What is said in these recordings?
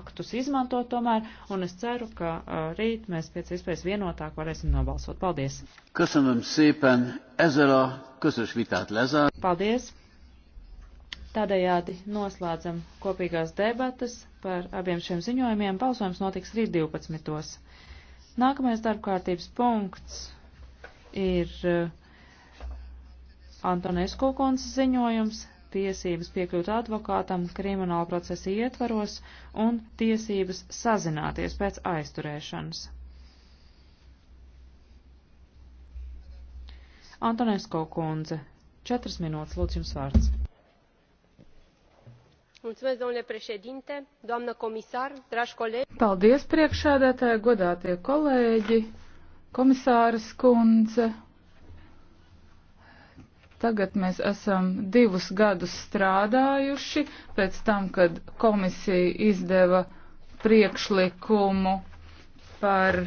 aktus izmanto tomēr, un es ceru, ka rīt mēs pēc iespējas vienotāk varēsim nobalsot. Paldies! Köszönöm szépen, ezzel a közös vitát lezár. Paldies! Tādējādi noslēdzam kopīgās debatas par abiem šiem ziņojumiem. Balsojums notiks rīt 12. Nākamais darbkārtības punkts ir Antonesku kundzes ziņojums tiesības piekļūt advokātam krimināla procesa ietvaros un tiesības sazināties pēc aizturēšanas. Antonesko kundze, četras minūtes, lūdzu jums vārds. Mulțumesc, domnule președinte, doamnă comisar, dragi colegi. Paldies, priekšādātāji, godātie kolēģi, komisāras kundze. Tagad mēs esam divus gadus strādājuši pēc tam, kad komisija izdeva priekšlikumu par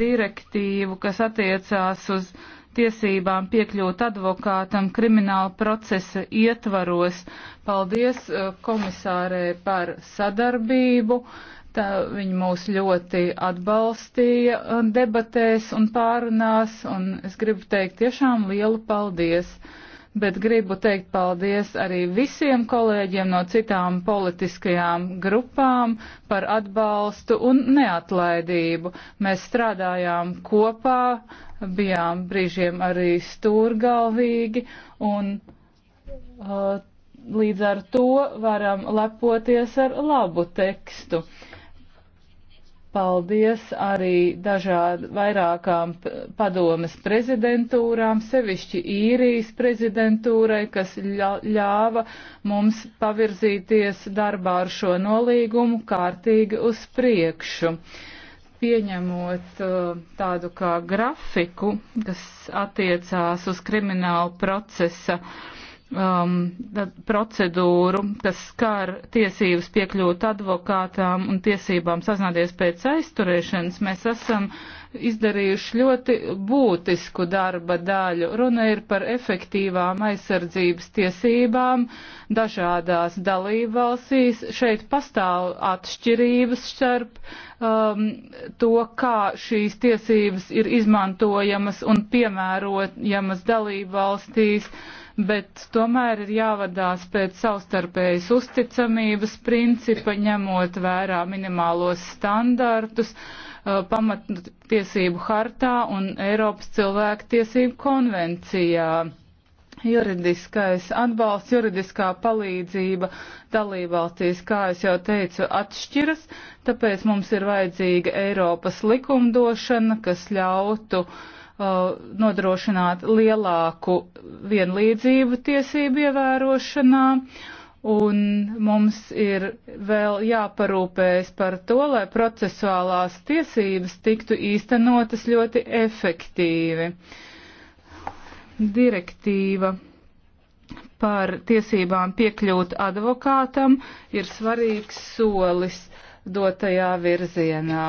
direktīvu, kas attiecās uz tiesībām piekļūt advokātam krimināla procesa ietvaros. Paldies eh, komisārē par sadarbību. Tā viņi mūs ļoti atbalstīja um, debatēs un pārunās, un es gribu teikt tiešām lielu paldies. Bet gribu teikt paldies arī visiem kolēģiem no citām politiskajām grupām par atbalstu un neatlaidību. Mēs strādājām kopā, bijām brīžiem arī stūrgalvīgi un. Uh, Līdz ar to varam lepoties ar labu tekstu. Paldies arī dažād, vairākām padomas prezidentūrām, sevišķi īrijas prezidentūrai, kas ļāva mums pavirzīties darbā ar šo nolīgumu kārtīgi uz priekšu. Pieņemot uh, tādu kā grafiku, kas attiecās uz kriminālu procesa uh, um, procedūru, kas skar tiesības piekļūt advokātām un tiesībām sazināties pēc aizturēšanas, mēs esam izdarījuši ļoti būtisku darba daļu. Runa ir par efektīvām aizsardzības tiesībām dažādās dalībvalstīs. Šeit pastāv atšķirības starp um, to, kā šīs tiesības ir izmantojamas un piemērojamas dalībvalstīs. valstīs bet tomēr ir jāvadās pēc savstarpējas uzticamības principa, ņemot vērā minimālos standartus uh, pamattiesību hartā un Eiropas cilvēktiesību konvencijā. Juridiskais atbalsts, juridiskā palīdzība dalībvalstīs, kā es jau teicu, atšķiras, tāpēc mums ir vajadzīga Eiropas likumdošana, kas ļautu uh, Uh, nodrošināt lielāku vienlīdzību tiesību ievērošanā. Un mums ir vēl jāparūpējas par to, lai procesuālās tiesības tiktu īstenotas ļoti efektīvi. Direktīva par tiesībām piekļūt advokātam ir svarīgs solis. Uh, dotajā virzienā.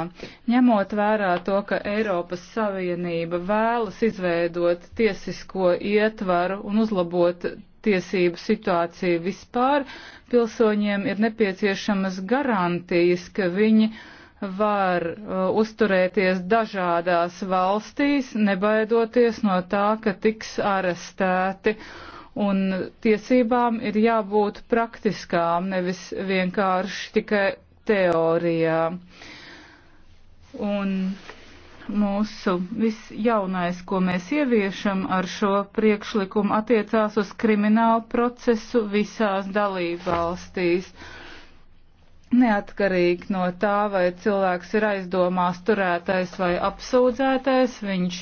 Ņemot vērā to, ka Eiropas Savienība vēlas izveidot tiesisko ietvaru un uzlabot tiesību situāciju vispār, pilsoņiem ir nepieciešamas garantijas, ka viņi var uh, uzturēties dažādās valstīs, nebaidoties no tā, ka tiks arestēti. Un tiesībām ir jābūt praktiskām, nevis vienkārši tikai teorijā. Un mūsu visjaunais, ko mēs ieviešam ar šo priekšlikumu, attiecās uz kriminālu procesu visās dalībvalstīs. Neatkarīgi no tā, vai cilvēks ir aizdomās turētais vai apsūdzētais, viņš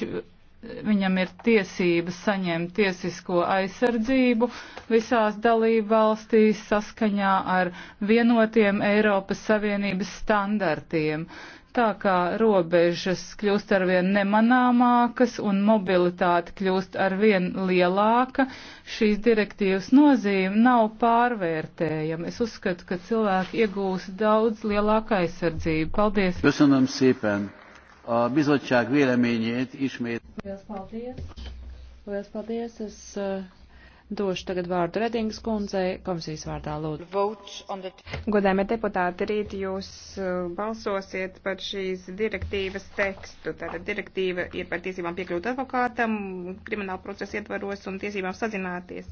viņam ir tiesības saņemt tiesisko aizsardzību visās dalību valstīs saskaņā ar vienotiem Eiropas Savienības standartiem. Tā kā robežas kļūst arvien nemanāmākas un mobilitāte kļūst arvien lielāka, šīs direktīvas nozīme nav pārvērtējama. Es uzskatu, ka cilvēki iegūs daudz lielāku aizsardzību. Paldies! Köszönöm szépen! a bizottság véleményét ismét. Lielas paldies! Lielas paldies! Es uh, došu tagad vārdu Redingas kundzei komisijas vārdā lūdzu. Godājumie deputāti, rīt jūs eh, balsosiet par šīs direktīvas tekstu. Tātad direktīva ir par tiesībām piekļūt advokātam, krimināla procesa ietvaros un tiesībām sazināties.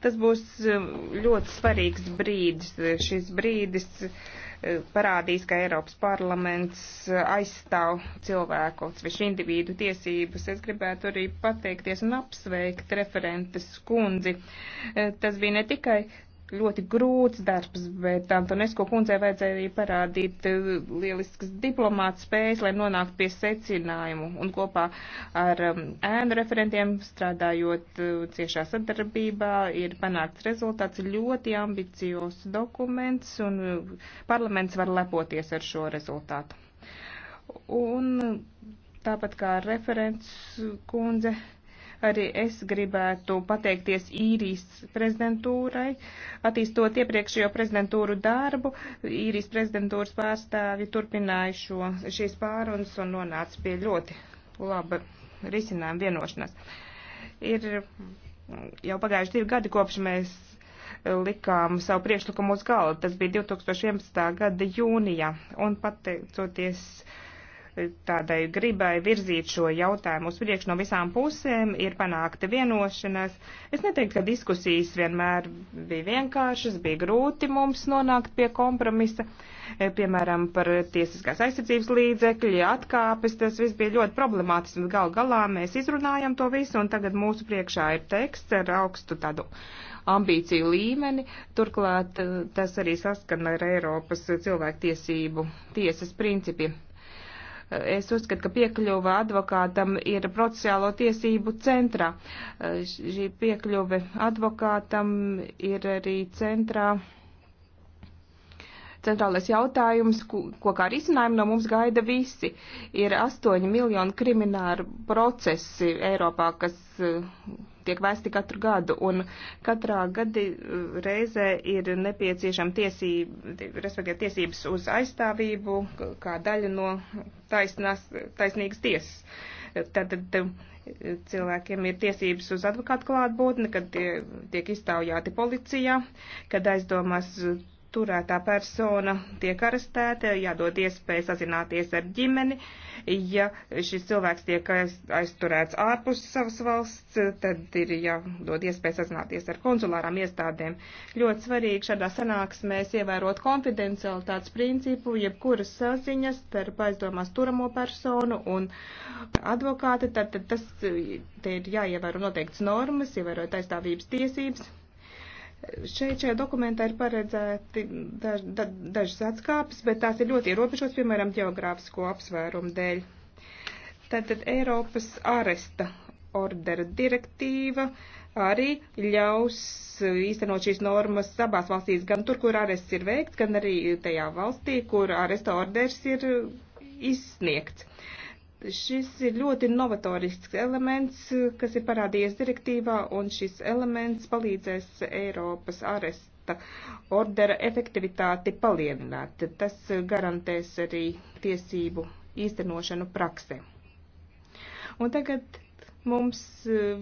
Tas būs eh, ļoti svarīgs brīdis. Šis brīdis. Uh, parādīs, ka Eiropas parlaments aizstāv cilvēku, svešu individu tiesības. Es gribētu arī pateikties un apsveikt referentes kundzi. Eh, tas bija ne tikai ļoti grūts darbs, bet Antonesko kundzei vajadzēja arī parādīt eh, lieliskas diplomāta spējas, lai nonāktu pie secinājumu. Un kopā ar um, ēnu referentiem strādājot eh, ciešā sadarbībā ir panākts rezultāts ļoti ambiciozs dokuments, un eh, parlaments var lepoties ar šo rezultātu. Un tāpat kā referents kundze Arī es gribētu pateikties īrijas prezidentūrai, attīstot iepriekšējo prezidentūru darbu. Īrijas prezidentūras pārstāvi turpināja šo, šīs pārunas un nonāca pie ļoti laba risinājuma vienošanās. Ir jau pagājuši divi gadi, kopš mēs likām savu priekšlikumu uz galda. Tas bija 2011. gada jūnijā. Un pateicoties tādai gribai virzīt šo jautājumu uz priekšu no visām pusēm, ir panākta vienošanās. Es neteiktu, ka diskusijas vienmēr bija vienkāršas, bija grūti mums nonākt pie kompromisa, e, piemēram, par tiesiskās aizsardzības līdzekļu, atkāpes, tas viss bija ļoti problemātiski, un gal galā mēs izrunājam to visu, un tagad mūsu priekšā ir teksts ar augstu tādu ambīciju līmeni, turklāt e, tas arī saskana ar Eiropas cilvēktiesību tiesas principiem. Es uzskatu, ka piekļuva advokātam ir procesuālo tiesību centrā. Šī piekļuve advokātam ir arī centrā. Centrālais jautājums, ko, ko kā risinājumu no mums gaida visi, ir 8 miljonu krimināru procesi Eiropā, kas tiek vēsti katru gadu, un katrā gadi uh, reizē ir nepieciešama tiesība, respektīvi tiesības uz aizstāvību, kā daļa no taisnās, taisnīgas tiesas. Tad, tad uh, cilvēkiem ir tiesības uz advokātu klātbūtni, kad tie, tiek iztaujāti policijā, kad aizdomās turētā persona tiek arestēta, jādod iespēja sazināties ar ģimeni. Ja šis cilvēks tiek aizturēts ārpus savas valsts, tad ir jādod iespēja sazināties ar konsulārām iestādēm. Ļoti svarīgi šādā sanāksmēs ievērot konfidencialitātes principu, jebkuras saziņas starp aizdomās turamo personu un advokāti, tad, tad tas te ir jāievēro noteikts normas, ievērot aizstāvības tiesības Šeit šajā dokumentā ir paredzēti daž, da, dažas atskāpes, bet tās ir ļoti ierobežotas, piemēram, geogrāfisko apsvērumu dēļ. Tātad Eiropas aresta ordera direktīva arī ļaus īstenot šīs normas abās valstīs, gan tur, kur arests ir veikts, gan arī tajā valstī, kur aresta orders ir izsniegts. Šis ir ļoti novatorisks elements, kas ir parādījies direktīvā, un šis elements palīdzēs Eiropas aresta ordera efektivitāti palielināt. Tas garantēs arī tiesību īstenošanu praksē. Un tagad mums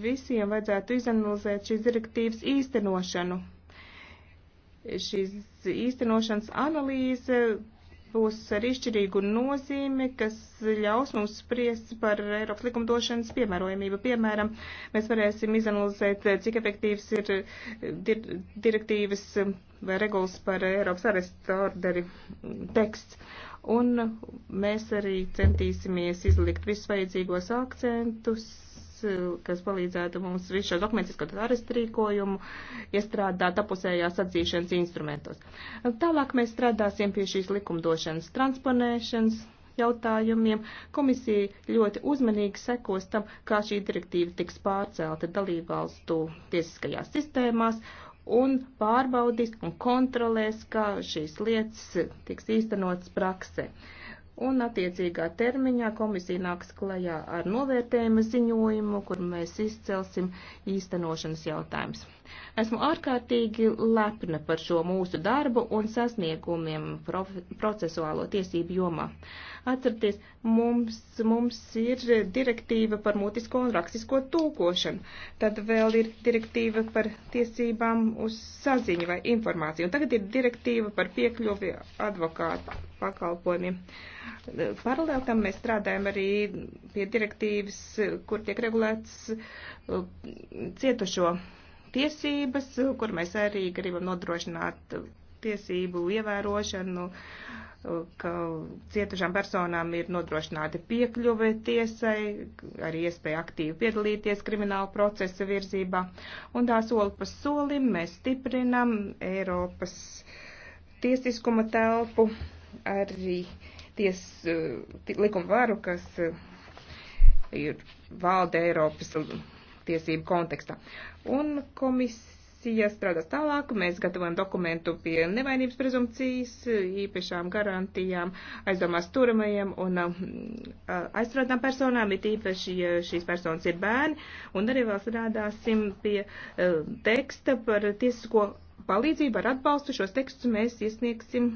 visiem vajadzētu izanalizēt šīs direktīvas īstenošanu. Šīs īstenošanas analīze būs ar izšķirīgu nozīmi, kas ļaus mums spriest par Eiropas likumdošanas piemērojamību. Piemēram, mēs varēsim izanalizēt, cik efektīvs ir dir direktīvas vai regulas par Eiropas arestu orderi teksts. Un mēs arī centīsimies izlikt visus vajadzīgos akcentus kas palīdzētu mums visu šo dokumentu, skatot arestu rīkojumu, iestrādāt apusējās atzīšanas instrumentos. Tālāk mēs strādāsim pie šīs likumdošanas transponēšanas jautājumiem. Komisija ļoti uzmanīgi sekos tam, kā šī direktīva tiks pārcelta dalībvalstu tiesiskajās sistēmās un pārbaudīs un kontrolēs, kā šīs lietas tiks īstenotas praksē. Uh, un attiecīgā termiņā komisija nāks klajā ar novērtējuma ziņojumu, kur mēs izcelsim īstenošanas jautājumus. Esmu ārkārtīgi lepna par šo mūsu darbu un sasniegumiem procesuālo tiesību jomā. Atcerieties, mums, mums ir direktīva par mutisko un rakstisko tūkošanu, tad vēl ir direktīva par tiesībām uz saziņu vai informāciju, un tagad ir direktīva par piekļuvi advokātu pakalpojumiem. Paralēli tam mēs strādājam arī pie direktīvas, kur tiek regulēts uh, cietušo tiesības, kur mēs arī gribam nodrošināt tiesību ievērošanu, ka cietušām personām ir nodrošināta piekļuve tiesai, arī iespēja aktīvi piedalīties krimināla procesa virzībā. Un tā soli pa solim mēs stiprinam Eiropas tiesiskuma telpu, arī ties, likuma varu, kas ir valda Eiropas tiesību kontekstā. Un komisija strādās tālāk, mēs gatavojam dokumentu pie nevainības prezumcijas, īpašām garantijām, aizdomās turamajiem un um, aizstrādām personām, it īpaši, ja šīs personas ir bērni, un arī vēl strādāsim pie uh, teksta par tiesisko palīdzību ar atbalstu. Šos tekstus mēs iesniegsim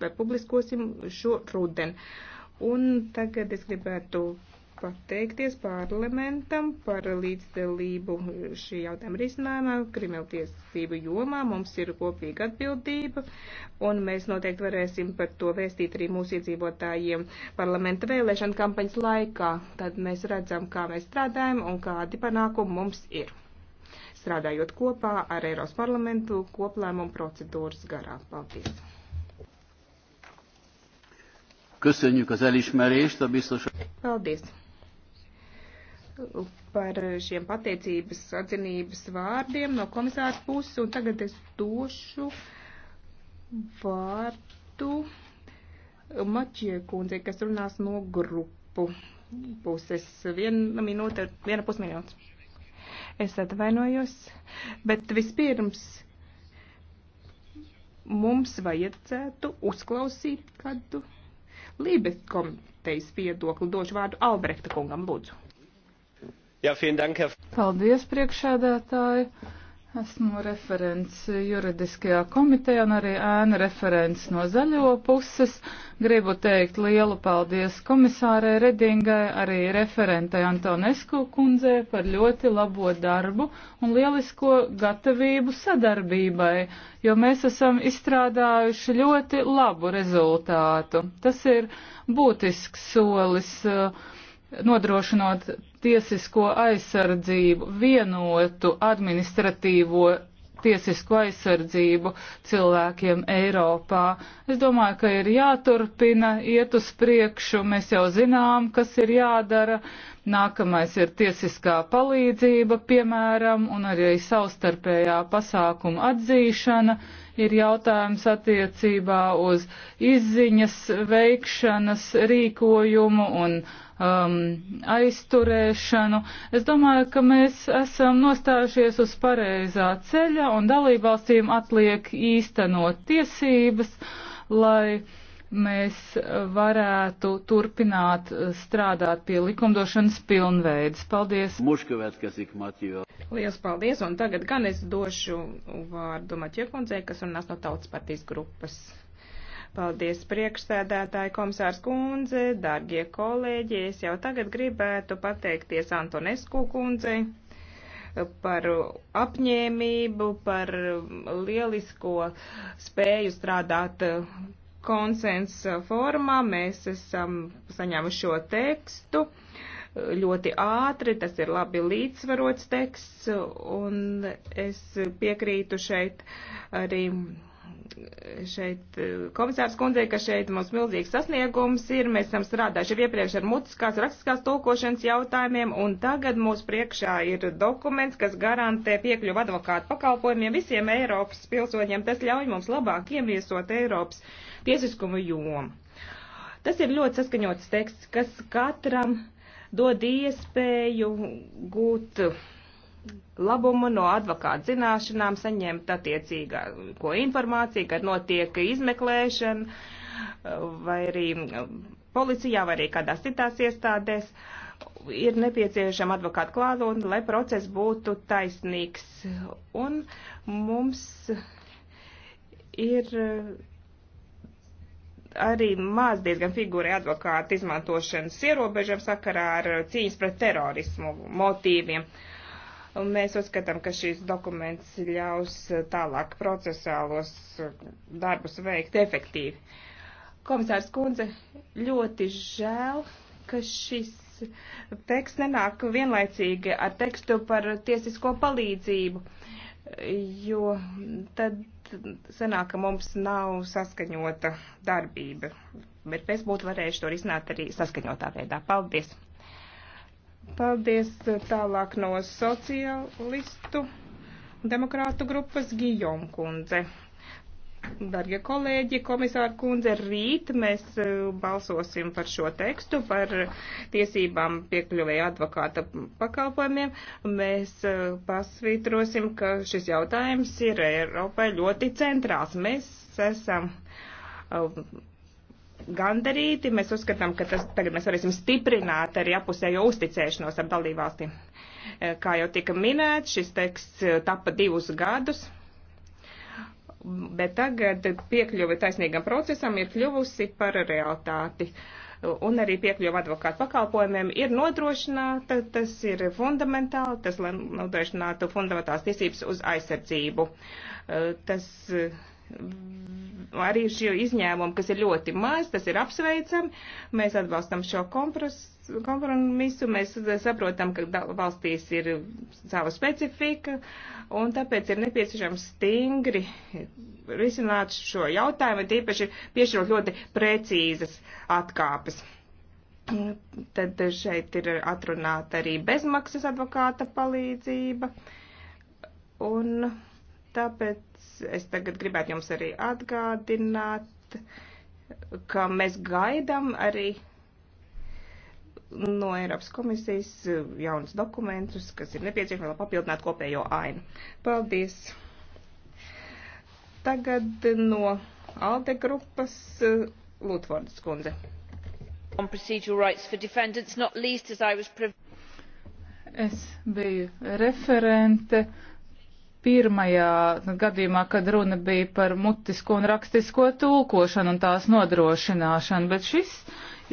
vai publiskosim šo rudeni. Un tagad es gribētu pateikties parlamentam par līdzdalību šī jautājuma risinājumā, krimeltiesību jomā. Mums ir kopīga atbildība, un mēs noteikti varēsim par to vēstīt arī mūsu iedzīvotājiem parlamenta vēlēšana kampaņas laikā. Tad mēs redzam, kā mēs strādājam un kādi panākumi mums ir. Strādājot kopā ar Eiros parlamentu koplēmumu procedūras garā. Paldies! Köszönjük az elismerést a biztos. Paldies! par šiem pateicības atzinības vārdiem no komisāras puses, un tagad es došu vārdu Maķie kundzei, kas runās no grupu puses. Viena minūte, viena pusminūte. Es atvainojos, bet vispirms mums vajadzētu uzklausīt kādu Lībes komitejas viedokli. Došu vārdu Albrehta kungam, lūdzu. Jā, dank, Paldies, priekšēdētāji. Esmu referents juridiskajā komitejā un arī ēna referents no zaļo puses. Gribu teikt lielu paldies komisārai Redingai, arī referentai Antonesku kundzē par ļoti labo darbu un lielisko gatavību sadarbībai, jo mēs esam izstrādājuši ļoti labu rezultātu. Tas ir būtisks solis eh, nodrošinot tiesisko aizsardzību, vienotu administratīvo tiesisko aizsardzību cilvēkiem Eiropā. Es domāju, ka ir jāturpina iet uz priekšu, mēs jau zinām, kas ir jādara. Nākamais ir tiesiskā palīdzība, piemēram, un arī savstarpējā pasākuma atzīšana ir jautājums attiecībā uz izziņas veikšanas rīkojumu un um, aizturēšanu. Es domāju, ka mēs esam nostājušies uz pareizā ceļa un dalībvalstīm atliek īstenot tiesības, lai mēs varētu turpināt strādāt pie likumdošanas pilnveidas. Paldies! Muškavēt, kas ik Matijā. Lielas paldies, un tagad gan es došu vārdu Matiekundzei, kas runās no Tautas partijas grupas. Paldies priekšsēdētāji komisārs kundze, dārgie kolēģi. Es jau tagad gribētu pateikties Antonesku kundzei par apņēmību, par lielisko spēju strādāt konsensa formā. Mēs esam saņēmuši šo tekstu ļoti ātri, tas ir labi līdzsvarots teksts, un es piekrītu šeit arī šeit eh, komisārs kundzei, ka šeit mums milzīgs sasniegums ir. Mēs esam strādājuši iepriekš ar mutiskās rakstiskās tulkošanas jautājumiem, un tagad mūsu priekšā ir dokuments, kas garantē piekļuvu advokātu pakalpojumiem visiem Eiropas pilsoņiem. Tas ļauj mums labāk ieviesot Eiropas tiesiskumu jomu. Tas ir ļoti saskaņots teksts, kas katram dod iespēju gūt labumu no advokāta zināšanām, saņemt attiecīgāko informāciju, kad notiek izmeklēšana vai arī policijā vai arī kādās citās iestādēs. Ir nepieciešama advokāta klātbūtne, lai process būtu taisnīgs. Un mums ir arī maz diezgan figūri advokāta izmantošanas ierobežam sakarā ar cīņas pret terorismu motīviem. Uh, Mēs uzskatām, ka šīs dokuments ļaus eh, tālāk procesālos eh, darbus veikt efektīvi. Komisārs Kundze, ļoti žēl, ka šis teksts nenāk vienlaicīgi ar tekstu par tiesisko palīdzību, jo tad sanāk, ka mums nav saskaņota darbība. Bet mēs būtu varējuši to risināt arī saskaņotā veidā. Paldies! Paldies eh, tālāk no socialistu demokrātu grupas Gijom kundze. Dargie kolēģi, komisāra kundze, rīt mēs eh, balsosim par šo tekstu, par tiesībām piekļuvēja advokāta pakalpojumiem. Mēs eh, pasvītrosim, ka šis jautājums ir Eiropai ļoti centrāls. Mēs esam gandarīti. Mēs uzskatām, ka tas tagad mēs varēsim stiprināt arī apusējo uzticēšanos ar dalībvalstīm. Eh, kā jau tika minēts, šis teksts eh, tapa divus gadus, bet tagad piekļuve taisnīgam procesam ir kļuvusi par realitāti. Un arī piekļuva advokātu pakalpojumiem ir nodrošināta, tas ir fundamentāli, tas, lai nodrošinātu fundamentālas tiesības uz aizsardzību. Eh, tas Mm, arī šie izņēmumi, kas ir ļoti maz, tas ir apsveicami. Mēs atbalstam šo kompromisu, mēs saprotam, ka valstīs ir sava specifika, un tāpēc ir nepieciešams stingri risināt šo jautājumu, tīpaši piešķirot ļoti precīzas atkāpes. Tad šeit ir atrunāta arī bezmaksas advokāta palīdzība, un tāpēc es tagad gribētu jums arī atgādināt, ka mēs gaidām arī no Eiropas komisijas jaunus dokumentus, kas ir nepieciešami, lai papildinātu kopējo ainu. Paldies! Tagad no ALDE grupas Lūtvordas kundze. On procedural rights for defendants, not least as I was. Es biju referente pirmajā gadījumā, kad runa bija par mutisko un rakstisko tulkošanu un tās nodrošināšanu, bet šis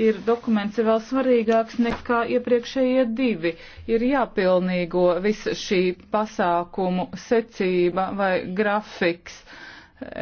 ir dokuments ir vēl svarīgāks nekā iepriekšējie divi. Ir jāpilnīgo visa šī pasākumu secība vai grafiks.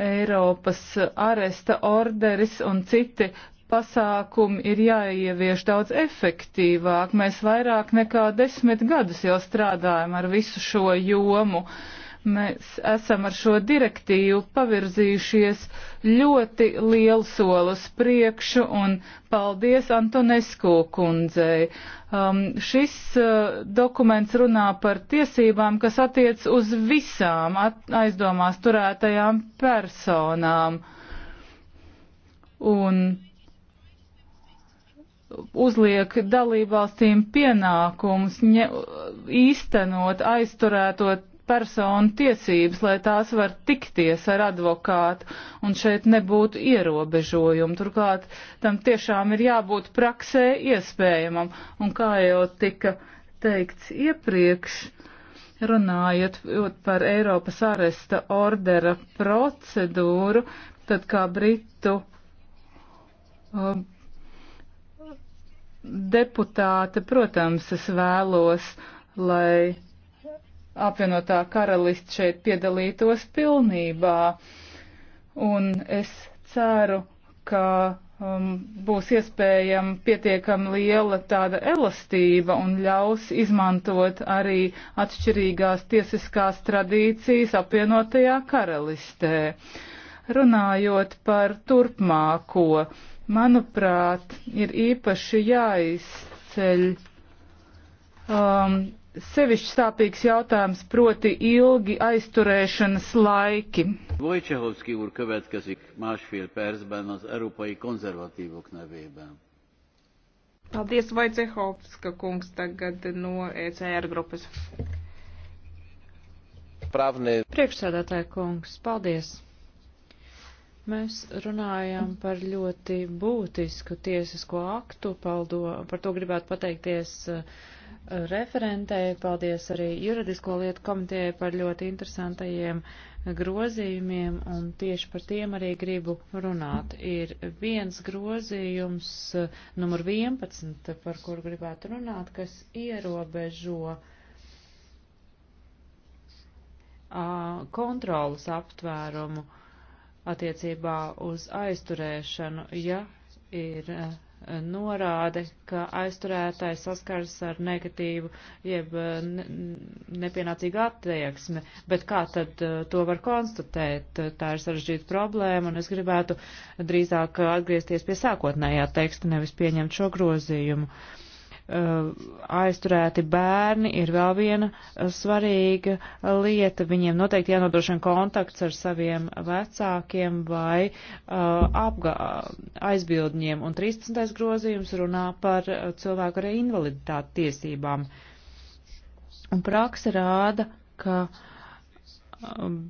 Eiropas aresta orderis un citi pasākumi ir jāievieš daudz efektīvāk. Mēs vairāk nekā desmit gadus jau strādājam ar visu šo jomu. Uh, mēs esam ar šo direktīvu pavirzījušies ļoti lielu solus priekšu un paldies Antonesko kundzei. Um, šis uh, dokuments runā par tiesībām, kas attiec uz visām at, aizdomās turētajām personām. Un uzliek dalībvalstīm pienākums ne, īstenot aizturētot personu tiesības, lai tās var tikties ar advokātu un šeit nebūtu ierobežojumu. Turklāt tam tiešām ir jābūt praksē iespējamam. Un kā jau tika teikts iepriekš, runājot par Eiropas aresta ordera procedūru, tad kā Britu. Um, Deputāte, protams, es vēlos, lai apvienotā karalists šeit piedalītos pilnībā. Un es ceru, ka um, būs iespējama pietiekami liela tāda elastība un ļaus izmantot arī atšķirīgās tiesiskās tradīcijas apvienotajā karalistē. Runājot par turpmāko, manuprāt, ir īpaši jāizceļ um, sevišķi sāpīgs jautājums, proti ilgi aizturēšanas laiki. Vojčehovski úr következik másfél percben az európai konzervatívok nevében. Paldies, Vojčehovska kungs, tagad no ECR grupas. Pravnie. Priekšsēdētāja kungs, paldies. Mēs runājam par ļoti būtisku tiesisko aktu, paldo, par to gribētu pateikties uh, referentei, paldies arī juridisko lietu komitejai par ļoti interesantajiem grozījumiem, un tieši par tiem arī gribu runāt. Ir viens grozījums, eh, numur 11, par kur gribētu runāt, kas ierobežo kontrolas aptvērumu attiecībā uz aizturēšanu, ja ir eh, norāde, ka aizturētājs saskars ar negatīvu, jeb eh, nepienācīgu attieksmi, bet kā tad eh, to var konstatēt? Tā ir sarežģīta problēma, un es gribētu drīzāk eh, atgriezties pie sākotnējā teksta, nevis pieņemt šo grozījumu. Uh, Eh, aizturēti bērni ir vēl viena eh, svarīga lieta. Viņiem noteikti jānodrošina kontakts ar saviem vecākiem vai eh, apgā, aizbildņiem. Un 13. grozījums runā par cilvēku ar invaliditāti tiesībām. Un praksa rāda, ka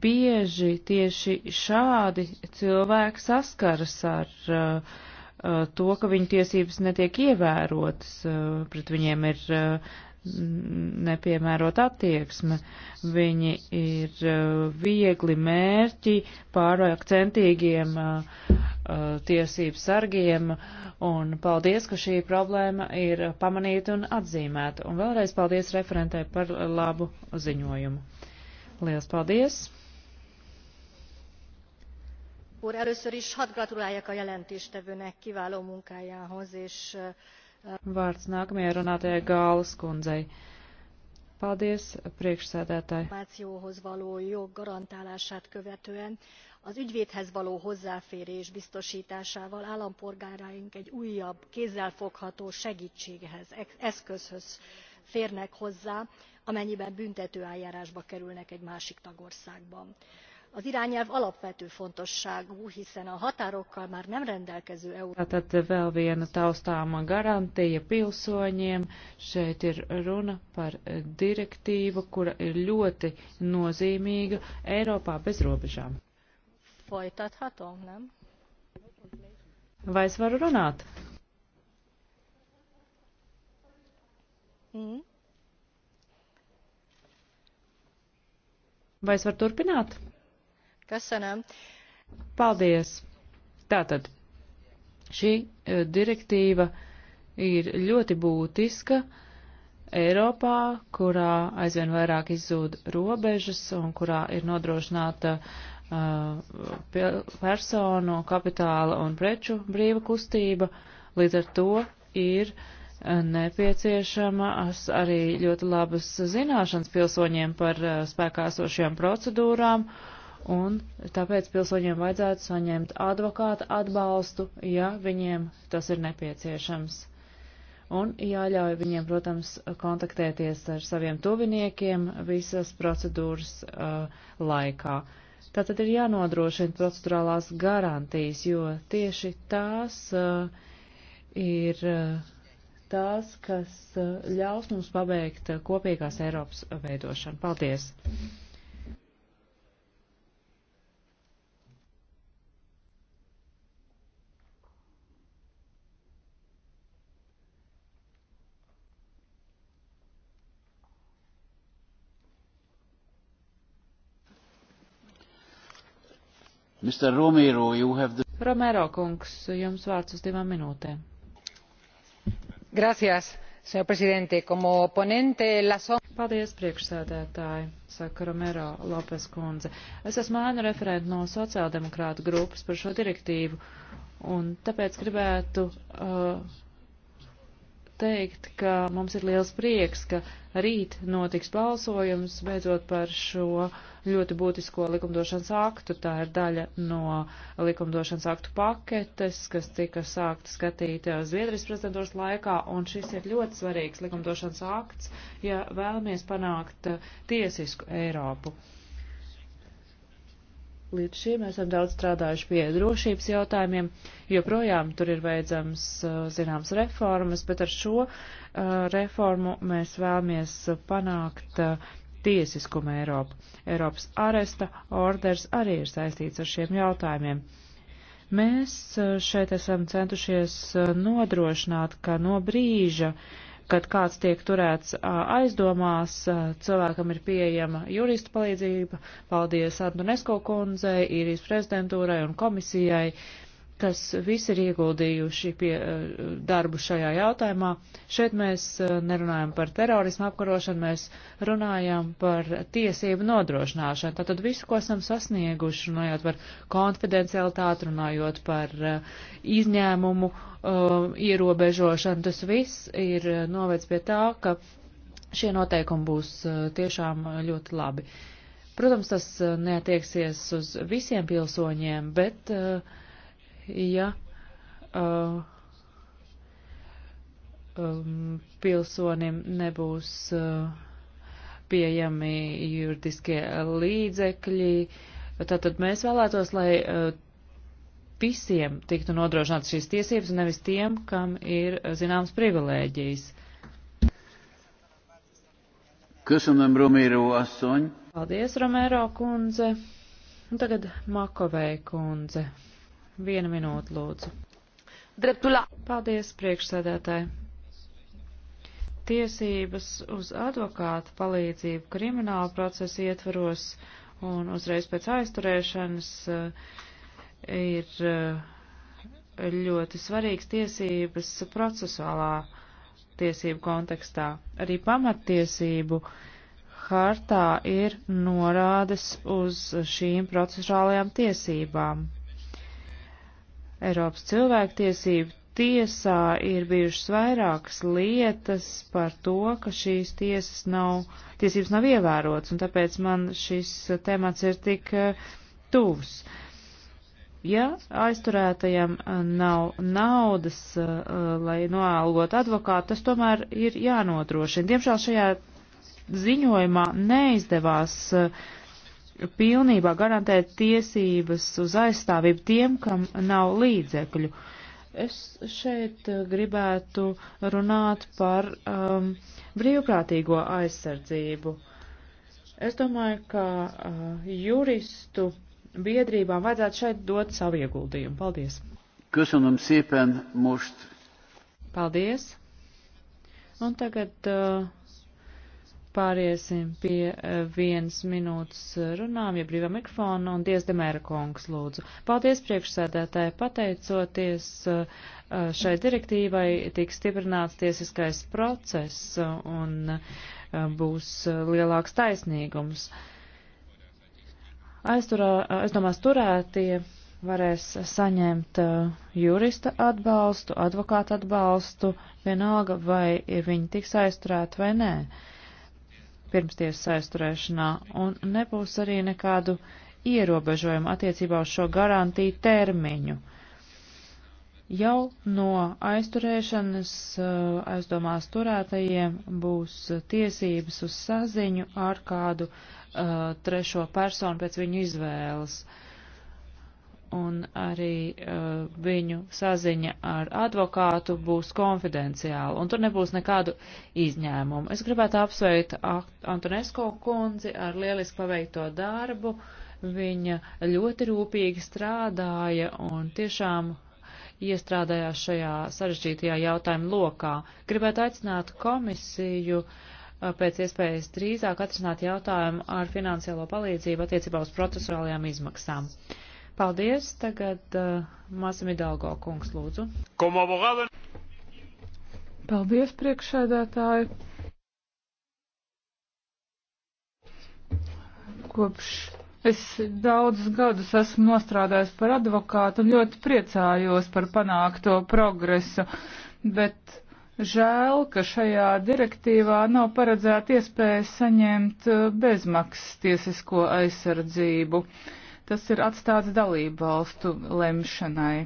bieži tieši šādi cilvēki saskaras ar uh, Uh, to, ka viņu tiesības netiek ievērotas, uh, pret viņiem ir uh, nepiemērot attieksme. Viņi ir viegli mērķi pārāk centīgiem tiesību sargiem, un paldies, ka šī problēma ir pamanīta un atzīmēta. Un vēlreiz paldies referentē par labu ziņojumu. Lielas paldies! úr először is hadd gratuláljak a jelentéstevőnek kiváló munkájához és Vārds nākamajai runātajai Gāles kundzei. Paldies, priekšsēdētāji. Információhoz való jog garantálását követően az ügyvédhez való hozzáférés biztostásával állampolgáraink egy újabb kézzelfogható segtséghez eszközhöz férnek hozzá amennyiben büntetőeljárásba kerülnek egy másik tagországban az irányelv alapvető fontosságú hiszen a határokkal már nem rendelkező eu Tātad vēl viena taustāma garantija pilsoņiem. Šeit ir runa par direktīvu, kura ir ļoti nozīmīga Eiropā bez robežām. Folytathatom, nem? Vai es varu runāt? Mm. Vai es varu turpināt? Köszönöm. Eh, Paldies. Tātad šī eh, direktīva ir ļoti būtiska Eiropā, kurā aizvien vairāk izzūd robežas un kurā ir nodrošināta uh, personu, kapitāla un preču brīva kustība. Līdz ar to ir nepieciešamas arī ļoti labas zināšanas pilsoņiem par uh, spēkā esošajām procedūrām. Uh, un tāpēc pilsoņiem vajadzētu saņemt advokāta atbalstu, ja viņiem tas ir nepieciešams. Un jāļauj viņiem, protams, kontaktēties ar saviem tuviniekiem visas procedūras uh, laikā. Tātad ir jānodrošina procedurālās garantijas, jo tieši tās uh, ir uh, tās, kas uh, ļaus mums pabeigt kopīgās Eiropas veidošanu. Paldies! Mr. Romero, you have the... Romero kungs, jums vārds uz divām minūtēm. Gracias, señor presidente. Como ponente la som... Paldies, priekšsēdētāji, saka Romero Lopes kundze. Es esmu ēnu referenta no sociāldemokrātu grupas par šo direktīvu, un tāpēc gribētu uh, teikt, ka mums ir liels prieks, ka rīt notiks balsojums beidzot par šo ļoti būtisko likumdošanas aktu. Tā ir daļa no likumdošanas aktu paketes, kas tika sākta skatīt uh, Zviedrijas prezidentūras laikā, un šis ir ļoti svarīgs likumdošanas akts, ja vēlamies panākt uh, tiesisku Eiropu. Līdz šim esam daudz strādājuši pie drošības jautājumiem, joprojām tur ir vajadzams uh, zināms reformas, bet ar šo uh, reformu mēs vēlamies panākt uh, tiesiskumu Eiropu. Eiropas aresta orders arī ir saistīts ar šiem jautājumiem. Mēs uh, šeit esam centušies uh, nodrošināt, ka no brīža, uh, kad kāds tiek turēts aizdomās, cilvēkam ir pieejama jurista palīdzība. Paldies Antonesko kundzei, īrijas prezidentūrai un komisijai kas visi ir ieguldījuši pie eh, darbu šajā jautājumā. Šeit mēs eh, nerunājam par terorismu apkarošanu, mēs runājam par tiesību nodrošināšanu. Tātad visu, ko esam sasnieguši, runājot par konfidencialitāti, runājot par eh, izņēmumu ierobežošanu, tas viss ir novēc pie tā, ka šie noteikumi būs tiešām ļoti labi. Protams, tas neatieksies uz visiem pilsoņiem, bet uh, ja uh, um, pilsonim nebūs uh, pieejami juridiskie līdzekļi. Tātad mēs vēlētos, lai uh, visiem tiktu nodrošināts šīs tiesības, nevis tiem, kam ir uh, zināmas privilēģijas. Köszönöm, Romero asszony. Paldies, Romero kundze. Un tagad Makovei kundze. Vienu minūtu, lūdzu. Dreptulā. Paldies, priekšsēdētāji. Tiesības uz advokātu palīdzību krimināla procesa ietvaros un uzreiz pēc aizturēšanas eh, ir eh, ļoti svarīgs tiesības procesuālā tiesību kontekstā. Arī pamattiesību hartā ir norādes uz šīm procesuālajām tiesībām. Eiropas cilvēktiesību tiesā ir bijušas vairākas lietas par to, ka šīs tiesas nav, tiesības nav ievērotas, un tāpēc man šis temats ir tik eh, tuvs. Ja aizturētajam eh, nav naudas, eh, lai noēlgot advokātu, tas tomēr ir jānodrošina. Diemžēl šajā ziņojumā neizdevās pilnībā garantēt tiesības uz aizstāvību tiem, kam nav līdzekļu. Es šeit eh, gribētu runāt par um, brīvprātīgo aizsardzību. Es domāju, ka uh, juristu biedrībām vajadzētu šeit dot savu ieguldījumu. Paldies! Köszönöm szépen most! Paldies! Un tagad uh, pāriesim pie eh, vienas minūtes eh, runām, ja brīvā mikrofona, un Dievs Demēra kungs lūdzu. Paldies priekšsēdētāji, pateicoties eh, šai direktīvai, tiek stiprināts tiesiskais process un būs lielāks taisnīgums. Aizturā, aizdomās turētie varēs saņemt uh, jurista atbalstu, advokāta atbalstu, vienalga vai viņi tiks aizturēti vai nē. Uh, pirmstiesas aizturēšanā, un nebūs arī nekādu ierobežojumu attiecībā uz šo garantiju termiņu. Jau no aizturēšanas eh, aizdomās turētajiem būs tiesības uz saziņu ar kādu uh, trešo personu pēc viņu izvēles. Uh, un arī uh, viņu saziņa ar advokātu būs konfidenciāla, un tur nebūs nekādu izņēmumu. Es gribētu apsveikt Antonesko kundzi ar lielisku paveikto darbu. Viņa ļoti rūpīgi strādāja un tiešām iestrādājās šajā sarežģītajā jautājuma lokā. Gribētu aicināt komisiju uh, pēc iespējas drīzāk atrisināt jautājumu ar finansiālo palīdzību attiecībā uz procesuālajām izmaksām. Uh, Paldies. Tagad uh, Māsim Idalgo kungs lūdzu. Paldies, priekšsēdētāji. Kopš es daudzus gadus esmu nostrādājis par advokātu un ļoti priecājos par panākto progresu, bet žēl, ka šajā direktīvā nav paredzēta iespēja saņemt uh, bezmaksas tiesisko aizsardzību. Uh, Tas ir atstāts dalību valstu lemšanai.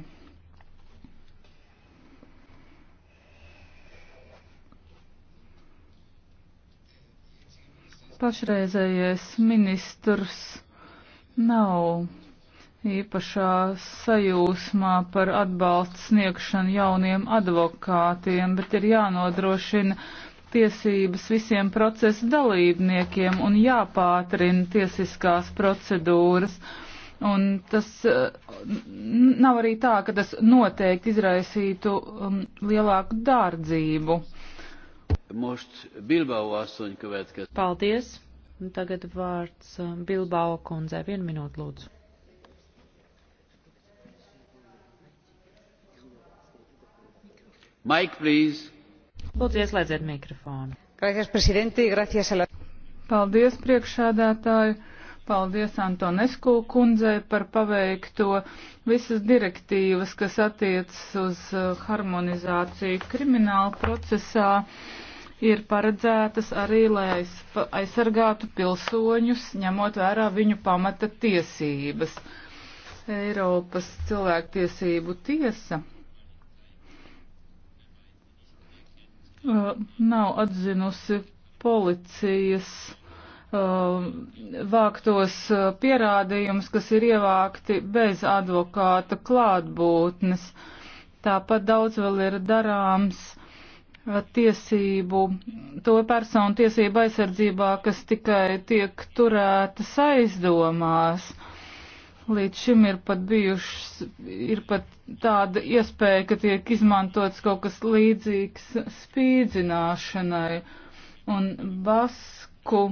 Pašreizējais ministrs nav īpašā sajūsmā par atbalstu sniegšanu jauniem advokātiem, bet ir jānodrošina tiesības visiem procesa dalībniekiem un jāpātrina tiesiskās procedūras. Un tas eh, nav arī tā, ka tas noteikti izraisītu um, lielāku dārdzību. Most Bilbao astoņu kavētkas. Paldies. Tagad vārds um, Bilbao kundzei. Vienu minūtu lūdzu. Mike, please. Lūdzu, ieslēdziet mikrofonu. Gracias, presidente, gracias a la... Paldies, priekšsēdētāji Paldies Antonesku kundzei par paveikto. Visas direktīvas, kas attiecas uz uh, harmonizāciju krimināla procesā, ir paredzētas arī, lai aizsargātu pilsoņus, ņemot vērā viņu pamata tiesības. Eiropas cilvēktiesību tiesa uh, nav atzinusi policijas Um, vāktos uh, pierādījumus, kas ir ievākti bez advokāta klātbūtnes. Tāpat daudz vēl ir darāms uh, tiesību, to personu tiesību aizsardzībā, kas tikai tiek turētas aizdomās. Līdz šim ir pat bijušas, ir pat tāda iespēja, ka tiek izmantots kaut kas līdzīgs spīdzināšanai. Un basku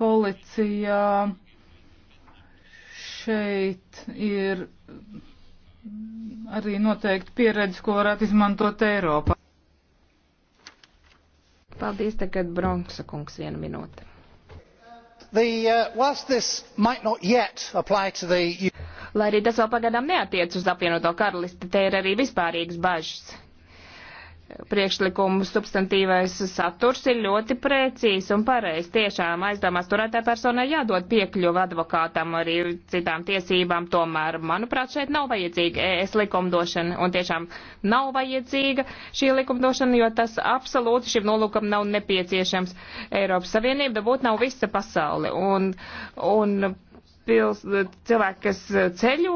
policijā. Šeit ir arī noteikti pieredze, ko varētu izmantot Eiropā. Paldies, tagad Bronksa kungs vienu minūti. The, uh, the... Lai arī tas vēl pagaidām neatiec uz apvienoto karalisti, te ir arī vispārīgas bažas priekšlikumu substantīvais saturs ir ļoti precīzs un pareizs. Tiešām aizdomās turētā personai jādod piekļuvu advokātam arī citām tiesībām. Tomēr, manuprāt, šeit nav vajadzīga ES likumdošana un tiešām nav vajadzīga šī likumdošana, jo tas absolūti šim nolūkam nav nepieciešams. Eiropas Savienība būtu nav visa pasaule. Un, un pils, cilvēki, kas ceļo,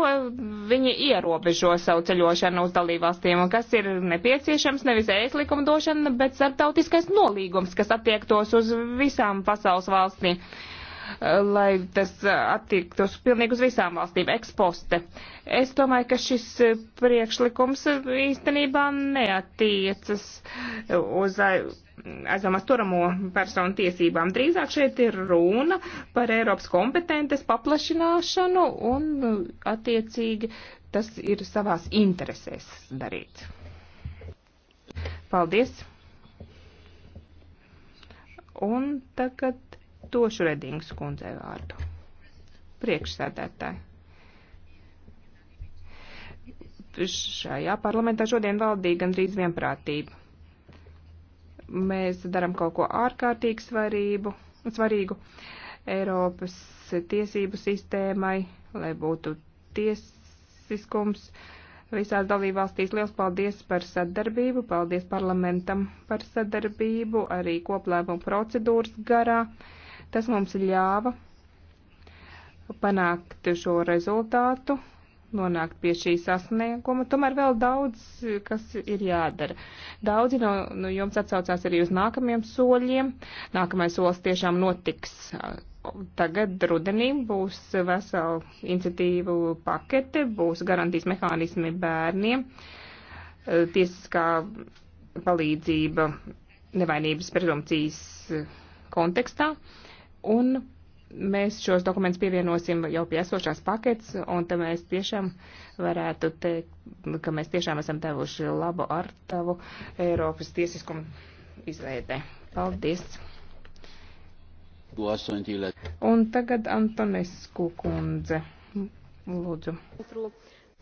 viņi ierobežo savu ceļošanu uz dalībvalstīm, un kas ir nepieciešams nevis ēst likumdošana, bet starptautiskais nolīgums, kas attiektos uz visām pasaules valstīm lai tas attiektos pilnīgi uz visām valstīm eksposte. Es domāju, ka šis priekšlikums īstenībā neatiecas uz aizdomās turamo personu tiesībām. Drīzāk šeit ir runa par Eiropas kompetentes paplašināšanu un attiecīgi tas ir savās interesēs darīt. Paldies! Un tagad došu Redingas kundzei vārdu. Priekšsēdētāji. Šajā parlamentā šodien valdīja gandrīz vienprātība mēs darām kaut ko ārkārtīgi svarību, svarīgu Eiropas tiesību sistēmai, lai būtu tiesiskums visās dalībvalstīs. Liels paldies par sadarbību, paldies parlamentam par sadarbību, arī koplēmumu procedūras garā. Tas mums ļāva panākt šo rezultātu nonākt pie šī sasnieguma. Tomēr vēl daudz, kas ir jādara. Daudzi no, no jums atsaucās arī uz nākamajiem soļiem. Nākamais solis tiešām notiks. Uh, tagad rudenī būs vesela iniciatīvu pakete, būs garantijas mehānismi bērniem, uh, tiesiskā palīdzība nevainības prezumcijas uh, kontekstā. Un mēs šos dokumentus pievienosim jau pie esošās paketes, un te mēs tiešām varētu teikt, ka mēs tiešām esam devuši labu ar tavu Eiropas tiesiskumu izveidē. Paldies! Un tagad Antonesku kundze. Lūdzu.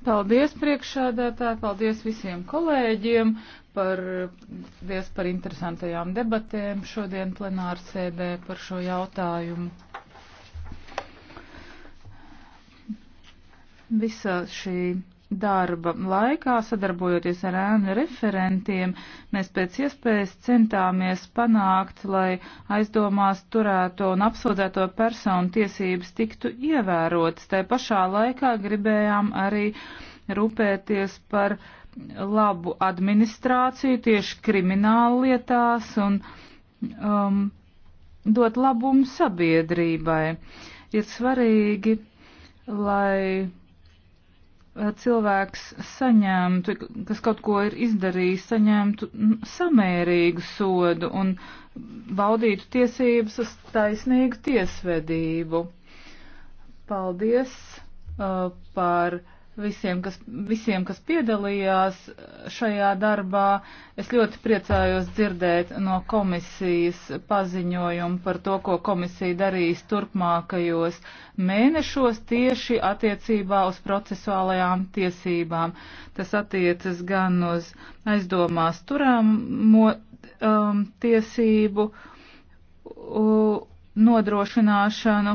Paldies priekšādātāji, paldies visiem kolēģiem par, paldies par interesantajām debatēm šodien plenārsēdē par šo jautājumu. Visa šī darba laikā, sadarbojoties ar ēnu referentiem, mēs pēc iespējas centāmies panākt, lai aizdomās turēto un apsūdzēto personu tiesības tiktu ievērotas. Tā pašā laikā gribējām arī rūpēties par labu administrāciju tieši krimināla lietās un um, dot labumu sabiedrībai. Ir svarīgi, lai Eh, cilvēks saņemtu, kas kaut ko ir izdarījis, saņemtu samērīgu sodu un baudītu tiesības uz taisnīgu tiesvedību. Paldies uh, par visiem, kas, visiem, kas piedalījās šajā darbā. Es ļoti priecājos dzirdēt no komisijas paziņojumu par to, ko komisija darīs turpmākajos mēnešos tieši attiecībā uz procesuālajām tiesībām. Tas attiecas gan uz aizdomās turamo um, tiesību. U, nodrošināšanu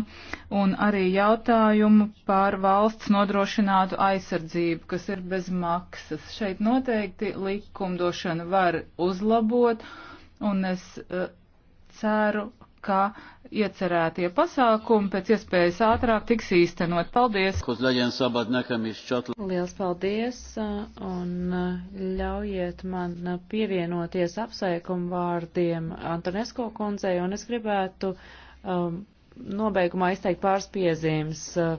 un arī jautājumu par valsts nodrošinātu aizsardzību, kas ir bez maksas. Šeit noteikti likumdošana var uzlabot, un es uh, ceru, ka iecerētie pasākumi pēc iespējas ātrāk tiks īstenot. Paldies! Liels paldies un eh, ļaujiet man pievienoties apsveikumu vārdiem Antonesko kundzei un es gribētu um, nobeigumā izteikt pāris piezīmes. Uh,